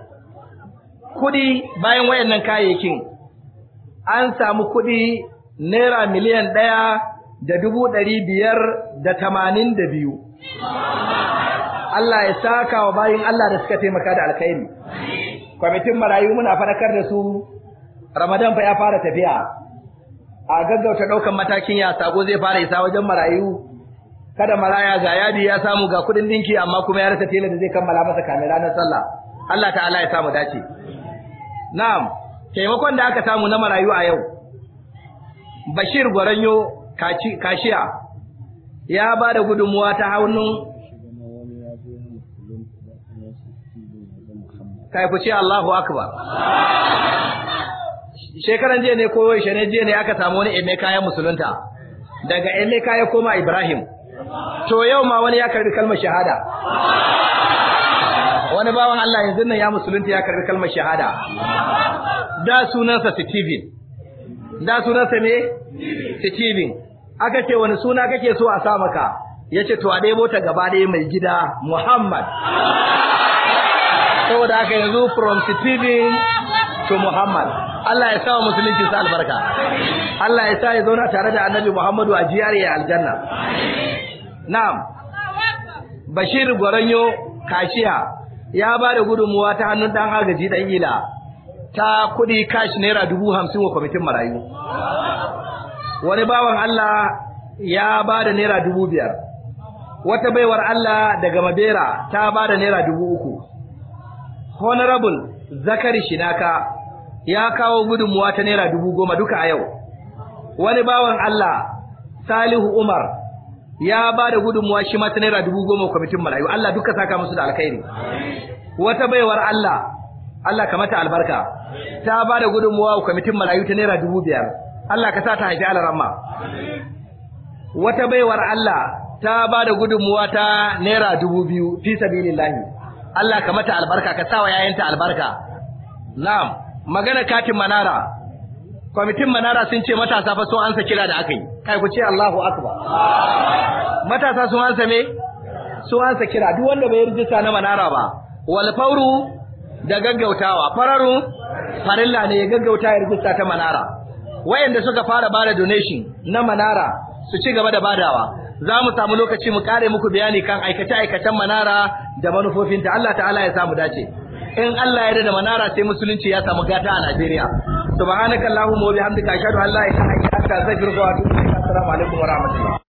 kuɗi bayan wayannan kayayyakin an samu kuɗi naira miliyan ɗaya da dubu ɗari biyar da tamanin da biyu. Allah ya saka wa bayin Allah da suka taimaka da alkhairi. Kwamitin marayu muna faɗakar da su Ramadan fa ya fara tafiya. A gaggauta ɗaukan matakin ya sako zai fara isa wajen marayu. Kada maraya ga yadi ya samu ga kuɗin ɗinki amma kuma ya rasa tela da zai kammala masa kamin ranar sallah. Allah ta'ala ya samu dace. Na'am. taimakon da aka samu na marayu a yau bashir gwaranyo kashiya ya ba da gudunmuwa ta hannun kai ku ce Allahu akbar shekaran jiya ne ko wai jiya ne aka samu wani eme kayan musulunta daga eme kayan koma ibrahim to yau ma wani ya karbi kalmar shahada wani bawan Allah yanzu nan ya musulunta ya karbi kalmar shahada da sunansa Steven da sunansa me Steven aka ce wani suna kake so a sa maka yace to a dai ta gaba ɗaya mai gida Muhammad saboda aka yanzu from Steven to Muhammad Allah ya sa wa musulunci sa albarka Allah ya sa ya zauna tare da Annabi Muhammadu a jiyar ya aljanna na'am Bashir Gwaranyo kashiya ya ba da gudunmuwa ta hannun ɗan agaji ɗan ila ta kuɗi kashi naira dubu hamsin wa kwamitin marayu wani bawan Allah ya ba da naira dubu biyar wata baiwar Allah daga Mabera ta ba da naira dubu uku honorable zakari shinaka ya kawo gudunmuwa ta naira dubu goma duka a yau wani bawan Allah salihu umar ya ba da gudunmuwa shi mata naira dubu goma kwamitin marayu Allah duka saka musu da alkhairi wata baiwar Allah Allah ka mata albarka ta ba da gudunmuwa kwamitin marayu ta naira dubu biyar Allah ka sa ta haifi alaramma wata baiwar Allah ta ba da gudunmuwa ta naira dubu biyu fi sabilillahi Allah ka mata albarka ka sawa yayanta albarka na'am magana katin manara kwamitin manara sun ce matasa fa so an sa kira da aka yi kai ku ce Allahu akbar matasa sun ansa me sun ansa kira duk wanda bai rijista na manara ba wal fawru da gaggautawa fararu farilla ne ya gaggauta ya rijista ta manara wayanda suka fara bada donation na manara su ci gaba da badawa za mu samu lokaci mu kare muku bayani kan aikace-aikacen manara da manufofinta Allah ta'ala ya samu dace in Allah ya da manara sai musulunci ya samu gata a Najeriya subhanakallahumma wa bihamdika ashhadu an la ilaha illa anta astaghfiruka wa atubu assalamu alaikum wa rahmatullah